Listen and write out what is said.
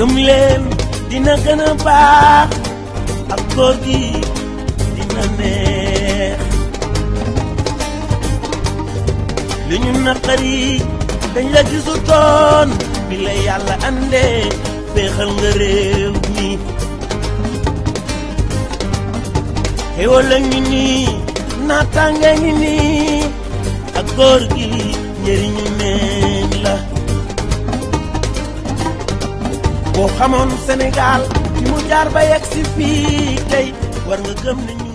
gëm leen dina gën a baax ak góor gi dina neex li ñu naqari dañ la gisutoon bi la yàlla andee féexal nga réew mi xéwal a nii naataange ngi nii ak góor gi njëriñu boo xamoon Sénégal fi mu jaar ba yegg si fii tey war nga gëm ne ñu